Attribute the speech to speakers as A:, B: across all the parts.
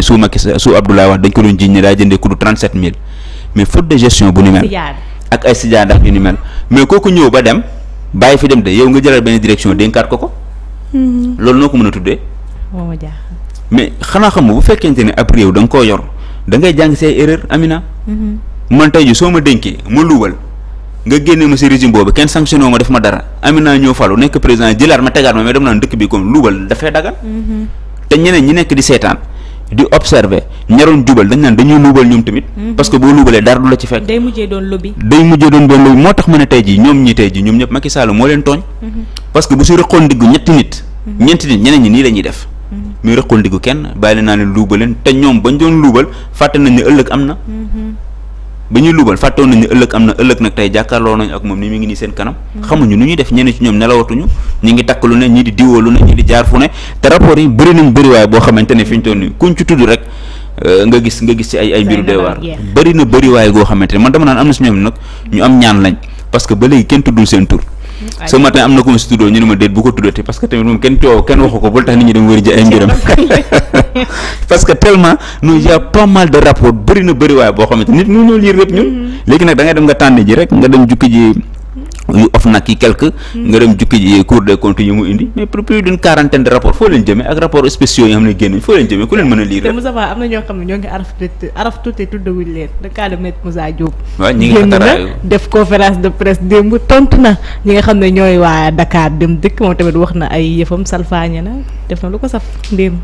A: terrain su Macky su Abdoulaye wax dañ ko doon jiñ ne daa jëndee ku du 37000 mais faute de gestion bu ni mel ak ay sidian ndax yu ni mel mais kooku ñëw ba dem bàyyi fi dem de yow nga jëlal benn direction dénkaat ko ko mhm. loolu noo ko mën a tuddee mais xanaa xam mhm. ma dénkee ma nga génne ma si régime boobu kenn sanctionné ma def ma dara Amina ñoo falu nekk président jëlaat ma tegaat ma mais dem naan dëkk bi comme luwal dafay dagal mhm. te ñeneen ñi nekk di di observer ñaroon jubal dañ naan dañuy luubal ñoom tamit. Mhm. parce que boo luubalee dara du la ci fekk. day
B: mujjee doon lobby. day
A: moo tax ma ne tey jii ñoom ñi tey jii ñoom ñëpp Macky Sall moo leen tooñ. Mhm. parce que bu si rëqoon diggu ñetti nit. Mhm. ñeenti nit ñeneen ñi nii la ñuy def. muy rëqoon diggu kenn bàyyi leen naa leen luubaleen te ñoom bañ doon luubal fàtte nañ ne ëllëg am na. ba ñuy luubal fàttoon nañu ëllëg am na ëllëg nag tey jàkkaarloo nañu ak moom ni mu ngi nii seen kanam mm. xamuñu nu ñuy def ñenn ci ñoom nelawatuñu ñu ngi takk lu ne ñii di diwoo lu ne ñii di jaar fu ne te rapport yi bëri nañ bëriwaay boo xamante ne fi ñu toll nii kuñ tudd rek euh, nga gis nga gis ci ay ay mbiru doy waar bëri na bëriwaay goo xamante ne man dama naan am na si ñoom nag ñu am ñaan lañ parce que ba léegi kenn tuddul seen tur ce matin am na ko ma si tuddoo ñu ne ma déet bu ko tuddati parce tamit moom kenn coow kenn waxu ko bul tax nit ñi dem wëri ji ay mbiram parce que tellement nous a pas mal de rapport bëri na waaye boo xamante nit ñu ñoo lire lépp ñun mm-hmm. léegi nag da ngay dem nga tànn ji rek nga dem jukki ji yu of nag yi quelque mm-hmm. nga dem jukki ji cour des comptes yi mu indi mais pour plus d'une quarantaine de rapports foo leen jëmee ak rapport spéciaux yi nga xam ne génn foo leen jëmee ku leen mën a
B: lire def conférence de presse démb tontu na ñi nga xam ne ñooy waa Dakar dem dëkk moom tamit wax na ay yëfam salfaañe na def na lu ko saf démb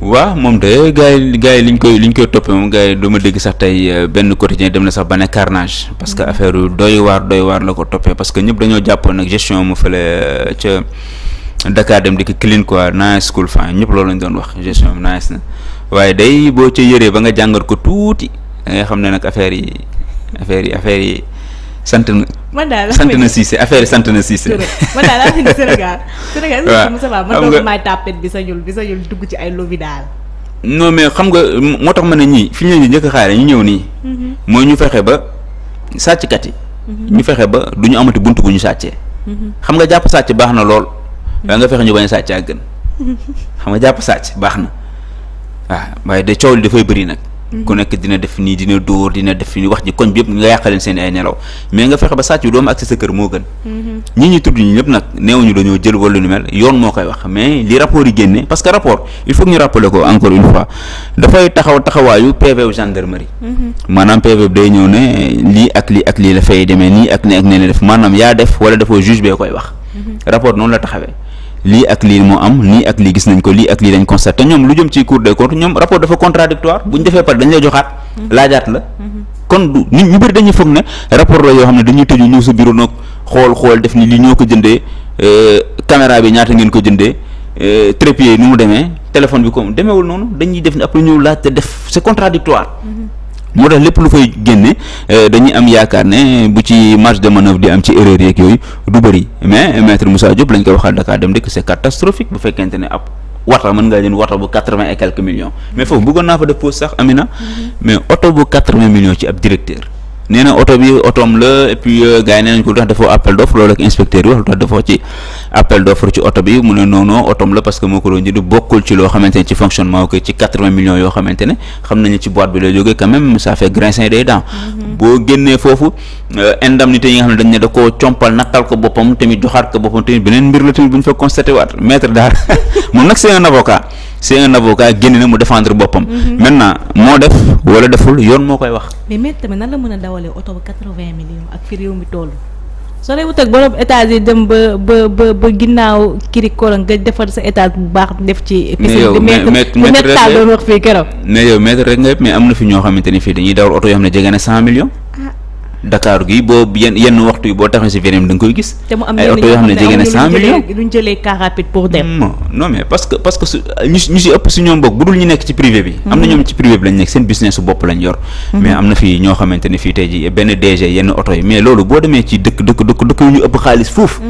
A: waaw moom de gars yi gars yi liñ koy liñ koy toppee moom gars yi dama dégg sax tey euh, benn quotidien dem na sax bane ne carnage parce que mm. affaire yu doy waar doy waar la ko toppee parce que ñëpp dañoo jàppoo nag gestion mu fële euh, ca Dakar dem di ki clean quoi nice cool fine ñëpp loolu lañ doon wax gestion bi nice na waaye day boo ci yëree ba nga jàngat ko tuuti da ngay xam ne nag affaire yi affaire yi affaire yi sant na.
B: man daal sant na
A: Cissé affaire yi sant na Cissé.
B: man daal laa fi ni Sénégal. Sénégal est-ce que bi sañul bi sañul dugg ci ay lobi
A: xam nga moo tax ma na ñii fi ñu leen di njëkk ñu ñëw nii. Mm-hmm. mooy ñu fexe ba sàcckat yi.
C: Mm-hmm. ñu
A: fexe ba du ñu amati buntu bu ñu sàccee. Mm-hmm. xam nga jàpp sàcc baax na lool. waaye nga fexe ñu bañ a sàcc ak gën. xam nga jàpp sàcc baax na waaw waaye de coow li dafay bëri nag. ku nekk dina def nii dina dóor dina def nii wax ji koñ bi yëpp nga yàqaleen seen ay nelaw mais nga fexe ba sàcc doomu ak sa kër moo gën
C: mm-hmm.
A: ñi tudd ñi ñëpp nag neewuñu dañoo jël wala lu mel yoon moo koy wax mais li rapport yi génne parce que rapport il faut ñu rappeler ko encore une fois dafay taxaw taxawaayu PV gendarmerie mm-hmm. maanaam PV day ñëw ne lii ak lii ak lii la fay demee nii ak ne ak ne def maanaam yaa def wala dafoo juge bee lii ak lii moo am lii ak lii gis nañ ko lii ak lii lañ constaté ñoom lu jëm ci cour des comptes ñoom rapport dafa contradictoire bu ñu defee pare dañ lay joxaat mhm. laajaat mhm. dañuy yoo xam ne dañuy tëju ñëw sa bureau nag xool xool def ni li ñoo ko jëndee euh, caméra bi ñaata ngeen ko jëndee euh, trépied yi nu mu demee téléphone bi comme demeewul noonu dañuy def ni après ñëw laaj te def c'est contradictoire mhm. moo tax lépp lu fay génne euh, dañuy am yaakaar ne bu ci marge de manœuvre di am ci erreur yeeg yooyu du bëri mais maître Moussa Diop lañ koy waxal Dakar dem dëkk c'est catastrophique bu fekkente ne ab wata mën ngaa jënd wata bu quatre-vingt et quelques millions mais foofu bëggoon naa fa def pause sax Amina mm-hmm. mais oto bu quatre-vingts millions ci ab directeur nee na oto bi otoom la et puis euh, gars yi nee nañ ko lu tax defoo appel d'offre loolu ak inspecteur yi wax lu tax defoo ci appel d'offre ci oto bi mu ne noonoo otoom la parce que moo ko doon jënd bokkul ci loo xamante ne ci fonctionnement ko ci quatre-vingts millions yoo xamante ne xam nañu ci boîte bi lay jógee quand même ça fait grincer des dents mm-hmm. boo génnee foofu Euh, indemnité yi nga xam ne dañ ne da koo compal nattal ko boppam tamit joxaat ko boppam tamit beneen mbir la tamit bu ñu fa constaté waat maître daal moom nag c'est un avocat c'est un avocat génn na mu défendre boppam. Mhm. maintenant moo def wala deful yoon moo koy wax.
B: mais maître tamit nan la mën a dawalee oto ba quatre-vingts millions ak fi réew mi toll. soo wut ak borom étage yi dem ba ba ba ba ginnaaw kiri koron nga defar sa étage bu baax def ci. mais yow maître maître taal
A: rek nga yëpp mais am na fi ñoo xamante ni fii dañuy dawal oto yoo xam jege na cent millions. Ah, Dakar gi boo yenn yenn waxtu yi boo taxee si VNM da nga koy gis.
B: ay oto yoo xam ne jege na cent millions te duñ jëlee car rapide pour dem.
A: non mais su ñu si ëpp si ñoom boog bu dul ñu nekk ci privé bi. am na ñoom ci privé bi lañ nekk seen business su bopp lañ yor. Mhm. mais am na fii ñoo xamante ne fii tey jii benn DG yenn oto yi mais loolu boo demee ci dëkk dëkk dëkk yu ñu ëpp xaalis foofu.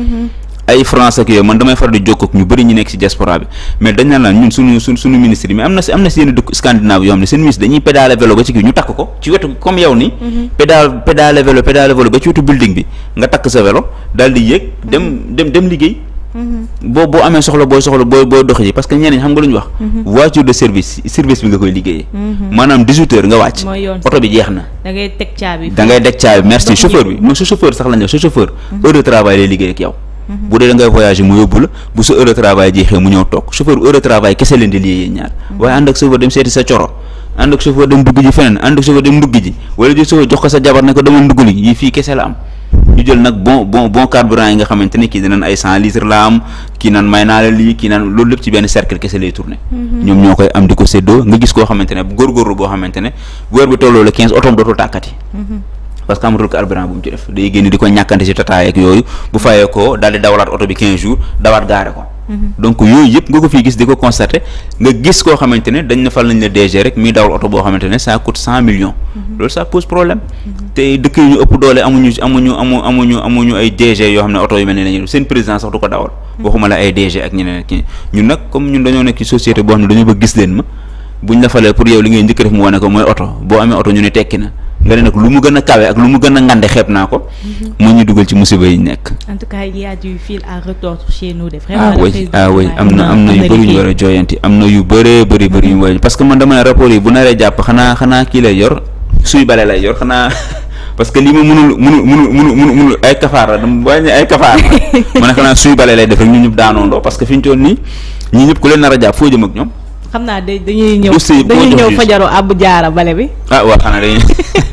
A: ay français ak yooyu man damay faral di ak ñu bëri ñu nekk ci diaspora bi mais dañ naan ñun suñu suñ suñu ministre yi mais am na si yenn dëkk scandinave yoo xam ne seen ministre dañuy pédale vélo ba ci kii ñu takk ko ci wetu comme yow ni mhm. pédale pédale ba ci wetu building bi nga takk sa vélo daal yéeg mhm. dem dem dem liggéey mhm. boo boo amee soxla booy soxla booy dox ji parce que ñeneen xam nga lu ñu wax voiture de service service bi nga koy liggéeyee maanaam na da ngay bi non sa chauffeur sax lañ wax sa chauffeur heure de travail lay liggéey bu dee da ngay voyager mu yóbbu la bu sa heure de travail jeexee mu ñëw toog chauffeur heure de travail kese leen di lié yéen ñaar mm-hmm. waaye ànd ak chauffeur dem seeti sa coro ànd ak chauffeur dem dugg ji feneen ànd ak chauffeur dem ndugg ji yi fii kese la am ñu jël nag bon bon carburant yi nga xamante ne kii dinañ ay cent litres la am kii naan may naa la lii kii naan loolu lépp ci benn cercle kese lay tourné
C: mm-hmm. ñoom ñoo
A: koy am di ko séddoo nga gis koo xamante ne góorgóorlu boo xamante ne weer bi tolloo la quinze otoom dootul tàkkati mm-hmm. parce que amatul carburant bu mu ci def day génn di ko ñàkkante si tataay yooyu bu fayee ko daal di dawalaat bi 15 jours dawaat gaare ko. Mhm. donc yooyu yëpp nga ko fii gis di ko constaté nga gis koo xamante ne dañ na fal nañ ne mhm. mhm. ne oto yu mel ne lañu seen président sax du ko dawal. waxuma la ay DG ak ñeneen ak ñun nag comme ñun dañoo nekk ci société boo xam ne dañoo bëgg gis leen ma buñ la falee pour yow li ngay njëkk def mu wane mooy oto boo amee oto ñu ne tekki na. nga ne lu mu gën a kawe ak lu mu gën a ngande xeeb naa ko. moo mhm. ñu dugal ci musiba yi nekk.
B: en tout ah,
C: ah oui ah
A: oui am na am na yu bëri ñu war a jooyanti am na yu bëree bëri bëri yu war a parce que man damay rapport yi bu naree jàpp xanaa xanaa kii lay yor suy bale lay yor xanaa. parce que lii ma mënul mënul mënul mënul mënul ay kafaar la dama wàññi ay kafaar la ma ne xanaa suy bale lay def rek ñu ñëpp daanoondoo parce que fi ñu toll nii ñii ñëpp ku leen nar a jàpp foo ñoom
B: xam naa dañuy ñëw dañuy ñëw fajaru àbb jaara bale bi
A: ah waaw xanaa dañuy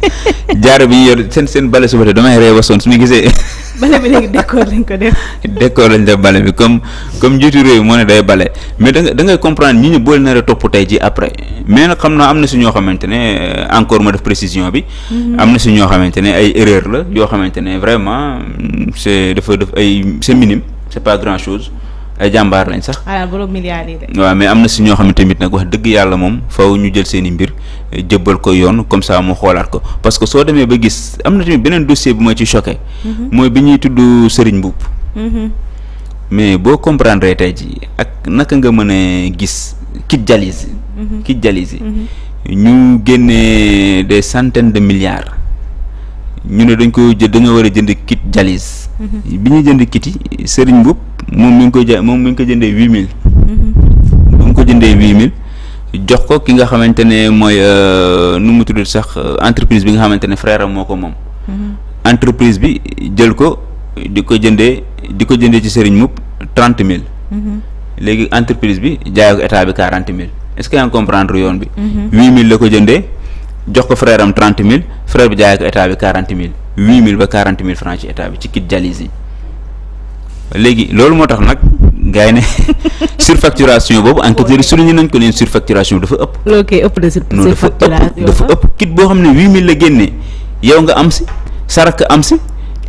A: jaara bi ñu yor seen seen bale suba te damay ree wasoon su ñu gisee
B: bale bi léegi décor lañ ko def
A: décor lañ def bale bi comme comme njiitu réew moo ne day bale mais da nga da comprendre ñi ñu boole nar a topp tey ji après mais xam naa am na si ñoo xamante ne euh, encore ma def précision bi mhm. am na si ñoo xamante ne ay erreur la yoo xamante ne vraiment c'est dafa def ay c'est minime c'est ay jàmbaar lañ sax.
B: ah borom waaw
A: mais am na si ñoo xam ne tamit nag wax dëgg yàlla moom faw ñu jël seeni mbir eh, jëbbal ko yoon comme ça mu xoolaat ko parce que soo demee ba gis am na tamit beneen dossier bu ma ci choqué. Mhm. mooy bi ñuy tudd Serigne Mboup. Mhm. mais boo comprendre tey ji ak naka nga mën a gis kit jalis mhm. kit jalis yi ñu génnee des centaines de milliards ñu ne dañ ko jël dañoo war a jënd kit jalis bi ñuy jënd kit yi Serigne Mboup. moom mu ngi koy moom mi ko jëndee huit mille.
C: Mm-hmm.
A: bu mu ko jëndee huit mille jox ko ki nga xamante ne mooy euh, nu mu tudd sax euh, entreprise bi nga xamante ne frère am moo ko moom.
C: Mm-hmm.
A: entreprise bi jël ko di ko jëndee di ko jëndee ci Serigne Moup trente mille. Mm-hmm. léegi entreprise bi jaayoo ko état bi quarante mille est-ce que yaa comprendre yoon bi. huit mille la ko jëndee jox ko frère am mille frère bi jaayoo ko état bi quarante mille huit mille ba quarante mille francs ci état léegi loolu moo tax nag gars yi ne surfacturation boobu enquêteurs yi souligné nañ ko neen surfacturation dafa ëpp.
B: loolu kay ëpp de surfacturation dafa
A: ëpp kit boo xam ne 8000 la génnee yow nga am si saraka am si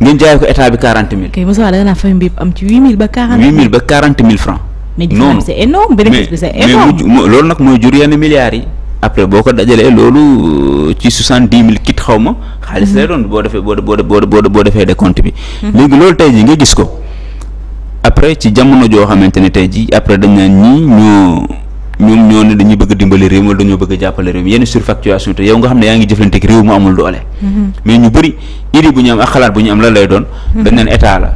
A: ngeen jaay ko état bi 40 000.
B: kay Moussa da nga naan fay mbéb am ci 8000 ba 40 000
A: 8000 ba mais loolu nag mooy jur yenn milliards yi. après boo ko dajalee loolu euh, ci soixante dix mille kit xaw ma xaalis lay mhm. doon boo defee boo boo boo boo defee décompte bi mhm. léegi loolu tey ji nga gis ko après ci jamono joo xamante ne tey jii après dañ naan ñii ñoo ñoom ñoo ne dañuy bëgg dimbali réew mi wala dañoo bëgg jàppale réew mi yenn surfacturation te yow nga xam ne yaa ngi jëflanteeg réew mu amul doole. Mm-hmm. mais ñu bëri idée bu ñu am ak xalaat bu ñu am la lay doon. Mm-hmm. dañ naan état la.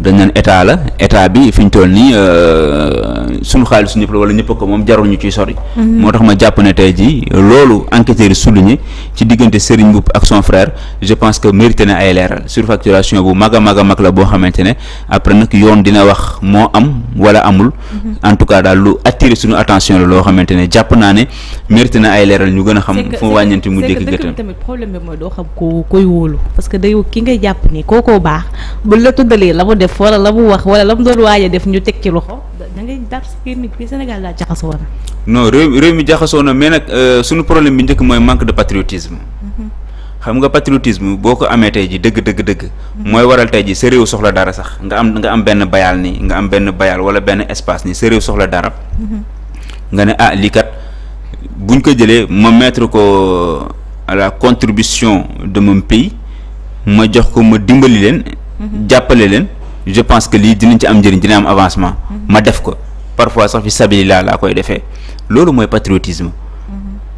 A: dañ naan état la état bi fi toll nii euh, suñu xaalis ñëpp la wala ñëpp ko moom jarul ñu ciy sori. Mhm. moo tax ma jàpp ne tey jii loolu enquêteurs yi souligné ci diggante Serigne Mboup ak son frère je pense que mérité na ay leeral surfacturation bu mag a mag a mag la boo xamante ne après nag yoon dina wax moo am wala amul. Mhm. en tout cas daal lu attiré suñu attention la loo xamante ne jàpp naa ne mérité na ay leeral ñu gën a xam. fu mu wàññeenti mu dégg gëtam
B: tamit problème bi mooy doo xam koo koy wóolu parce def la mu wax wala la mu doon waaja def ñu teg ci loxo da ngay dar sa gémmiñ
A: réew mi jaxasoo na mais nag euh, suñu problème bi njëkk mooy manque de patriotisme. Mm-hmm. xam nga patriotisme boo ko amee tey ji dëgg dëgg dëgg mm-hmm. mooy waral tey ji sa réew soxla dara sax nga am nga am benn bayaal nii nga am benn bayaal wala benn espace ni sa réew soxla dara mm-hmm. nga ne ah lii kat buñ ko jëlee ma mettre ko à la contribution de mon pays ma jox ko ma dimbali leen jàppale leen je pense que lii dinañ ci am njëriñ dina am avancement ma def ko parfois sax fi sabilillah laa koy defee loolu mooy patriotisme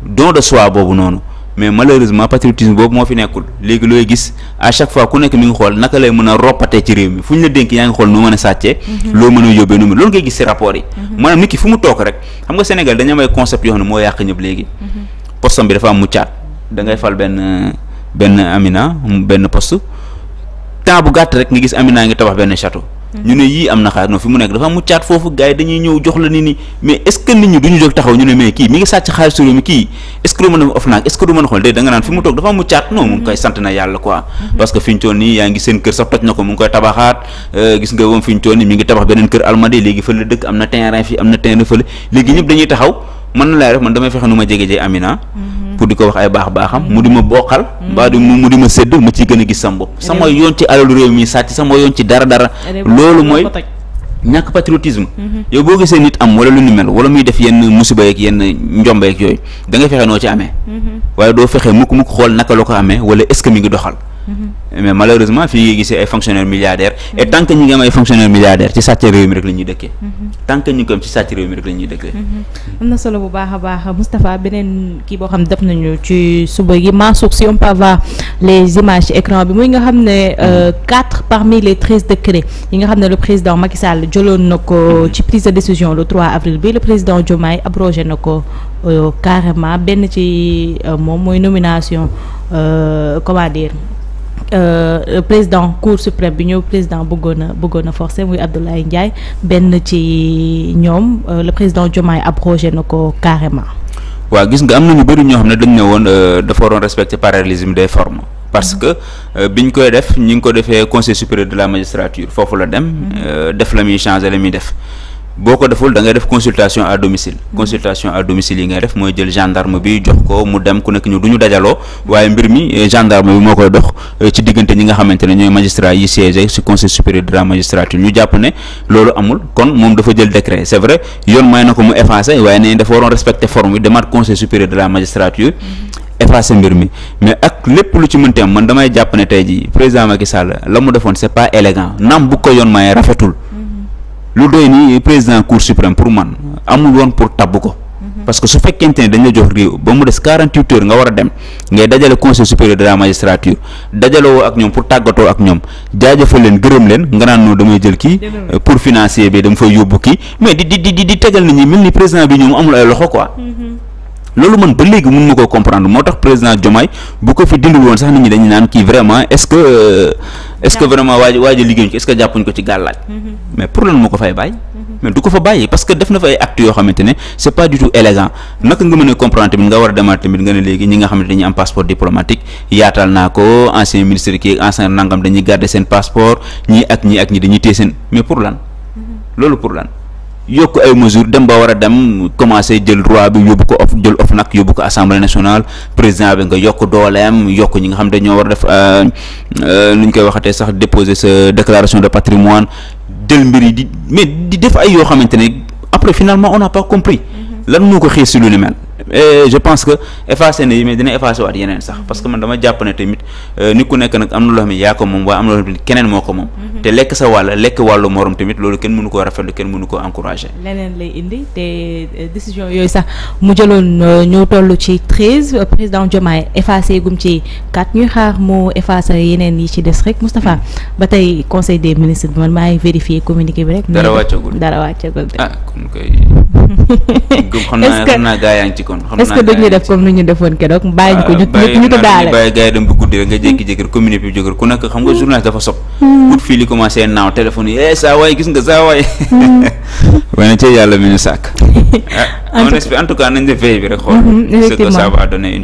A: don de soi boobu noonu mais malheureusement patriotisme boobu moo fi nekkul léegi looy gis à chaque fois ku nekk mu ngi xool naka lay mën a roppatee ci réew mi fu ñu la dénk yaa ngi xool noo mën a sàccee mhm. loo mën a yóbbee noonu loolu ngay gis si rapport yi mhm. maanaam nit ki fu mu toog rek xam nga Sénégal dañu am ay concept yoo xam mhm. da ngay fal benn benn Amina benn poste temps bu gàtt rek nga gis Amina ngi tabax benn château. Mm-hmm. ñu ne yii am na xaar non fi mu nekk dafa mu foofu gars dañuy ñëw jox la ni ni mais est nit ñi duñu jóg taxaw ñu ne mais kii mi ngi sàcc xaalis réew mi kii est du mën a of naag du mën a xool déedéet da naan fi mu toog dafa mu caat mu ngi koy mm-hmm. sant na yàlla quoi mm-hmm. parce que fi nii yaa ngi seen kër sax toj na ko mu ngi koy tabaxaat euh, gis nga moom fi ñu nii mi ngi tabax beneen kër pour di ko wax ay baax baaxam mu di ma boqal mbaa di mu di ma sédd mu ci gën a gis sam sama yoon ci alalu réew mi sàcc sama yoon ci dara dara loolu mooy ñàkk patriotisme mm-hmm. yow boo gisee nit am wala lu ni mel wala muy def yenn musiba yeeg yenn njomba yeeg yooyu da ngay fexe noo ci amee mm-hmm. waaye doo fexe mukk mukk xool naka la ko amee wala est-ce ngi doxal
C: mm-hmm.
A: mais malheureusement fii ngay gisee ay fonctionnaires milliardaires et tant ñi ngi am ay fonctionnaires tant que ñu ko ci sàcc mi rek la ñuy
B: mm-hmm. am na solo bu baax a baax Moustapha beneen kii boo xam def nañu ci suba gi Mansour si on peut les images écran bi muy nga xam ne euh, mm-hmm. quatre parmi les treize décrets yi nga xam ne le président Macky Sall jëloon na ko mm-hmm. ci prise de décision le 3 avril bi le président Diomaye abrogé na ko euh, carrément benn ci euh, moom mooy nomination comment Euh, euh, président cour suprême bi ñëw président bëggoon a bëggoon a forcé muy Abdoulaye Ndiaye benn ci ñoom euh, le président Diomaye abrogé na ko carrément
A: waa gis nga am na ñu bëri ñoo xam ne dañ ne woon dafa waroon respecte parallélisme des formes parce mm-hmm. que biñ koy def ñi ngi ko defee conseil supérieur de la magistrature foofu la dem mm-hmm. def la muy changer la muy def boo ko deful da ngay def consultation à domicile mm-hmm. consultation à domicile yi ngay def mooy jël gendarme bi jox ko mu dem ku nekk ñu du ñu dajaloo waaye mbir mi eh, gendarme bi moo koy dox eh, ci diggante ñi nga xamante ne ñooy magistrat yi siège ci conseil supérieur de la magistrature ñu jàpp ne loolu amul kon moom dafa jël décret c'est vrai yoon may na ko mu effacer waaye nee dafa waroon respecter forme bi demaat conseil supérieur de la magistrature mm-hmm. effacer mbir mi mais ak lépp lu ci mënti am man damay jàpp ne tey jii président Macky la mu defoon c'est pas élégant naam bu ko yoon maye rafetul lu doy ni président cour suprême pour man amul woon pour tabb ko mhm. parce que su fekkente ne dañ la jox réew ba mu des quarante huit heures nga war a dem ngay dajale conseil supérieur de la dajale dajalewoo ak ñoom pour tàggatoo ak ñoom jaajëfal leen gërëm leen nga naan noonu damay jël kii euh, pour financier bi dama fay yóbbu kii mais di di di di tegal nit ñi mel ni président bi ñoom amul ay loxo quoi mhm. loolu man ba léegi mun ma koo comprendre moo tax président Diomaye bu ko fi dindul woon sax nit ñi dañu naan kii vraiment est-ce que euh, est-ce que vraiment waaj waaj a liggéeyuñ ko est-ce que jàppuñ ko ci gàllaaj mm-hmm. mais pour lan moo ko fay bàyyi mm-hmm. mais du ko fa bàyyi parce que def na fa ay actes yoo xamante ne c'est pas a comprendre tamit nga a demaat tamit nga nga xam ne dañuy am passeport diplomatique yaatal naa ko ancien ministre kii ancien nangam dañuy garder seen passeport ñii ak ñii ak ñi dañuy téye seen mais pour lan mm-hmm. yokk ay mesures dem ba war a dem commencé jël droit bi yóbbu ko of jël of nag yóbbu ko assemblée nationale président bi nga yokk dooleem yokk ñi nga xam dañoo war a def euh, euh, nu ñu koy waxatee sax déposé sa déclaration de patrimoine jël mbir yi di mais di def ay yoo xamante ne après finalement on n'a pas compris mm-hmm. lan moo ko xiir si lu ni mel et je pense que effacé na yi mais dina effacé waat yeneen sax parce que man dama jàpp tamit euh, nit ku nekk nag am na loo xam yaa ko moom waaye am na loo xam keneen moo ko moom. Mhm. te lekk sa wàll lekk wàllu morom tamit loolu kenn mënu koo rafetlu kenn mënu koo encouragé.
B: leneen lay indi te euh, décision yooyu sax mu jëloon euh, ñu toll ci treize président Diomaye effacé gum ci quatre ñuy xaar mu effacé yeneen yi ci des rek Moustapha mhm. ba tey conseil des ministres bi man maay vérifier communiqué bi rek. dara
A: nekkoon. xam naa est-ce que dañuy
B: def comme ni ñu defoon keroog ah, bàyyi ñu ko ñu ñu ñu tëddaale bàyyi
A: gars yi dem bu guddi nga jékki-jékki communauté bi jógër ku nekk xam nga hmm. journaliste dafa sob. ut fii li commencé naaw téléphone yi eh saa waay gis nga saa waay.
C: Hmm.
A: wane ci yàlla mi ñu sàkk. en ah, tout en tout cas nañ def veille bi rek xool. effectivement
B: mm-hmm, ce que ça va donner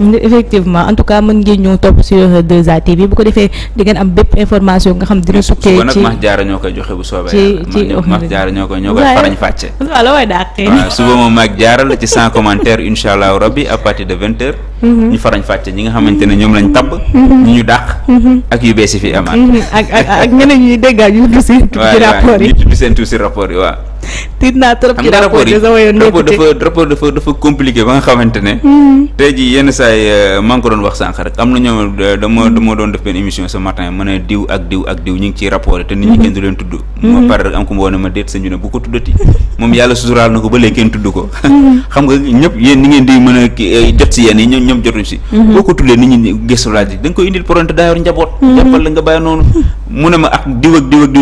B: mm, mën ngeen ñëw topp sur 2A TV bu ko defee di am bépp information nga xam dina sukkee. suba nag
A: jaara ñoo ci la ci sans commentaire incha allah rabbi à de vingt heures. Mm-hmm. ñu farañ fàcce ñi nga xamante ne ñoom lañ tabb. ñu mm-hmm. ñu dàq. ak yu bees yi fi amaat.
B: ak ak ak ñeneen ñuy dégg ñu tudd ci rapport yi.
A: ñu tudd yi
B: tiit naa trop ci rapport yi
A: rapport dafa dafa compliqué ba nga xamante ne. Hmm. tey jii yenn saa yi euh, maa ko doon wax sànq rek am na ñoom dama hmm. dama doon def benn émission ce matin mën a diw ak diw ak diw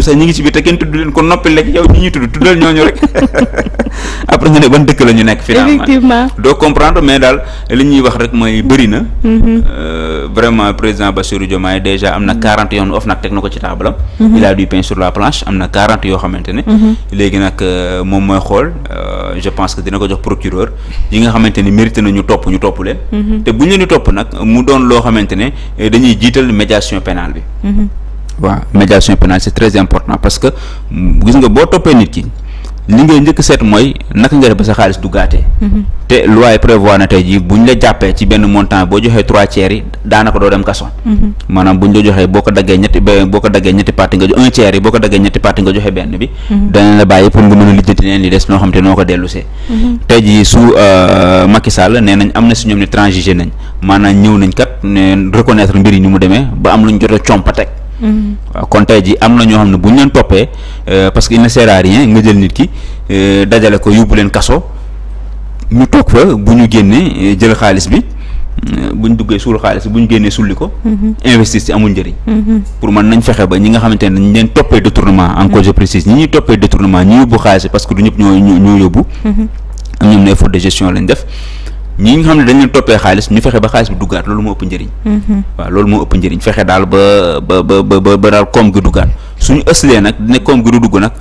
A: sax ñu ngi ci biir te kenn tudd leen ko noppi lekk yow ñi ñuy tudd tuddal ñoo nañu rek après ñu ne ban dëkk la ñu nekk finalement effectivement doo comprendre mais daal li ñuy wax rek mooy bëri na mhm. euh, vraiment président Bassirou Diomaye déjà am na mhm. quarante yoon OFNAC teg na taabalam mhm. il a du pain sur la planche am na quarante yoo xamante ne léegi nag euh, moom mooy xool euh, je pense que dina ko jox procureur yi nga xamante ne mérité na topp ñu topp leen te bu ñu leen topp nag mu doon loo xamante ne eh, dañuy jiital médiation pénale bi waaw médiation pénale c'est très important parce mm, li ngay njëkk seet mooy naka nga def ba sa xaalis du gaatee mm-hmm. te loi prévoir na tey jii bu ñu la jàppee ci benn montant boo joxee trois tiers yi
C: mm-hmm.
A: boo ko daggee ñetti boo ko daggee ñetti parti nga un tiers joxe benn bi mm-hmm. danañ la bàyyi pour nga mën a lijjanti neen li des noo xam te noo ko dellusee tey jii su euh, Macky nee nañ am na si ñoom ne transigé nañ maanaam ñëw nañ kat ne reconnaître mbir yi ni mu demee ba am lu ñu jot a compa teg Mm-hmm. waaw kon tey ji am na ñoo xam ne bu ñu leen toppee euh, parce que il ne sert à rien nga jël nit ki euh, dajale ko yóbbu leen kaso ñu toog fa bu ñu génnee euh, jël xaalis bi bu ñu duggee suul xaalis bu ñu génnee sulli ko. Mm-hmm. investir ci amul njëriñ. Mm-hmm. pour man nañ fexe ba ñi nga xamante ne dañ leen toppee détournement encore je précise ñi ñuy toppee détournement ñu yóbbu xaalis parce que du ñëpp ñoo ñoo yóbbu. ñoom ne faute de gestion lañ def. ñi nga xam ne dañ leen toppee xaalis ñu fexe ba xaalis bi duggaat loolu moo ëpp njëriñ. Mhm. waaw loolu moo ëpp njëriñ fexe daal ba ba ba ba daal koom gi duggaat suñu ëslee nag ne koom gi du dugg nag